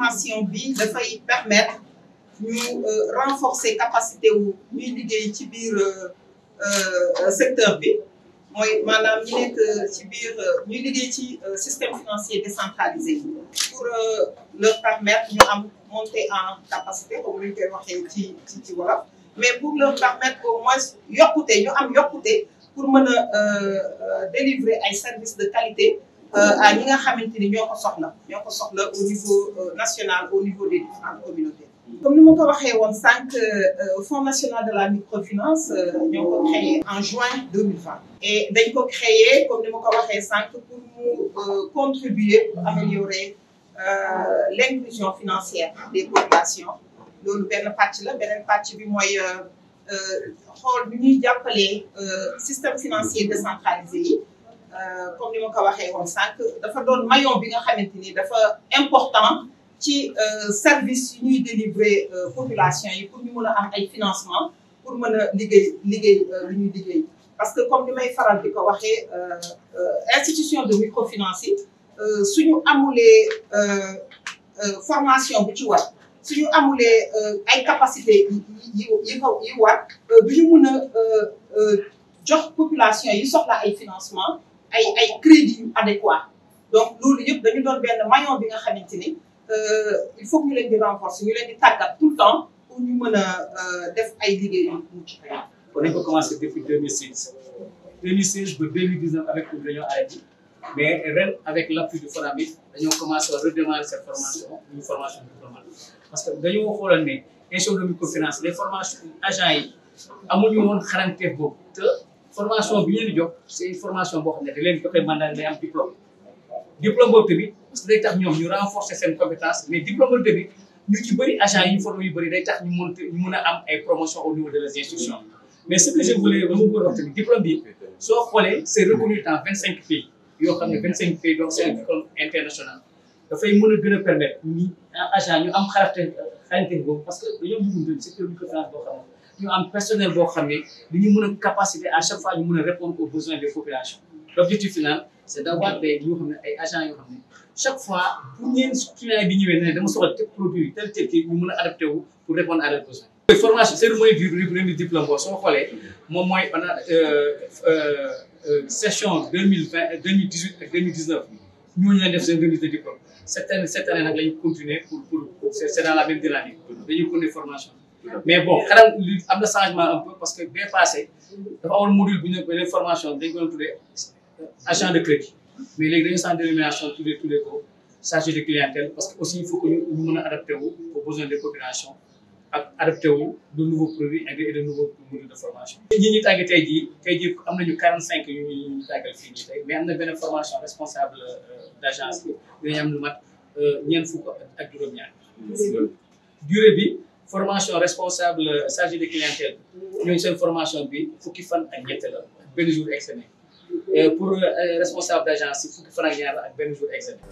formation bi dafay permettre ñu euh, renforcer capacité wu ñuy liggéey ci biir euh, euh, secteur bi mooy maanaam ñi nekk ci ñuy liggéey ci système financier décentralisé pour leur permettre ñu am monter en capacité comme ñu koy waxee ci ci ci wolof mais pour leur permettre au moins yokkute ñu am yokkute pour mën a délivrer ay services de qualité Euh, à ñi nga xamante ni ñoo ko soxla ñoo ko soxla au niveau euh, national au niveau des différentes communautés. comme ni ma ko waxee woon sànq euh, fonds national de la microfinance ñoo ko créé en juin et dañ ko créé comme ni ma ko waxee sànq pour mu contribuer pour améliorer l' inclusion financière des populations loolu benn pàcc la beneen pàcc bi mooy xool bi ñuy jàppalee système financier décentralisé yi Euh, comme ni ma ko waxee woon sànq dafa doon mayon bi nga xamante ni dafa important ci euh, service yu ñuy délivrer euh, population yi pour ñu mën a am ay financement pour mën a liggéey liggéey lu liggéey parce que comme ni may faral di ko waxee institution de microfinance yi suñu amulee formation bu ci war suñu amulee ay capacité yi yi yi war du ñu mën a jox population yi soxla ay financement ay ay crédit yu adéquat donc loolu yëpp dañu doon benn maillon bi nga xamante ni euh, il faut que ñu leen di renforcer ñu leen di tàggat tout temps pour ñu mën a euh, def ay liggéey yu mucc ayib. kon nañ ko commencé depuis 2016 2016 ba 2019 avec pour dañoo arrêté mais ren avec l' du FONAMID dañoo commencé à redémarrer cette formation une formation diplômante parce que dañoo xoolal ne institut de microfinance les formations agents yi amuñu woon xarañteef boobu te. formation bi ñu leen jox c'est formation boo xam ne da leen joxe am diplôme diplôme boobu tamit parce que day tax ñoom ñu renforcer seen compétence mais diplôme boobu tamit ñu ci bëri agent yi ñu formé yu bëri day tax ñu mën a am ay promotion au niveau de les institutions mais ce que je voulais ba ma bëggoon wax diplôme bi soo xoolee c'est reconnu dans vingt cinq pays yoo xam ne vingt cinq pays donc c'est un diplôme international dafay mën a gën a permettre am xarafte xarante boobu parce que ñu am personnel boo xam ne dañu mën a capacité à chaque fois ñu mën a répondre aux besoins des populations l'objectif final c'est d'avoir des ñoo xam ne ay agents yoo xam ne chaque fois pour ñeen client bi ñëwee ne dama soxla tel produit tel tel kii ñu mën a adapté wu pour répondre à leurs besoins formation du remis diplôme boo soo xoolee moom mooy on a euh, euh, euh, session deux mille vingt deux mille dix huit ak deux mille dix neuf ñooñu lañ def de pour pour c'est dans la formation mais bon xanaa li am na changement un parce que bien passé dafa amoon module bu ñu beneen formation dañ ko doon tuddee euh, de crédit mais léegi dañu sens dénomination tuddee tuddee ko de clientèle parce que aussi il faut que ñu ñu mën a adapté wu ak adapté wu de nouveaux produits ak de nouveaux modules de formation. ñi ñu tàgge tey jii tey jii am nañu quarante cinq yu ñu ñu tàggal fii nii mais am na benn formation responsable euh, d' agence bi dinañ am lu mat euh, ñeent fukk formation responsable chargé de clientèle formation bi fukki fan ak ñett la benn jour externé pour euh, responsable d'agence si fukki fan ak ñaar ak benn jour externé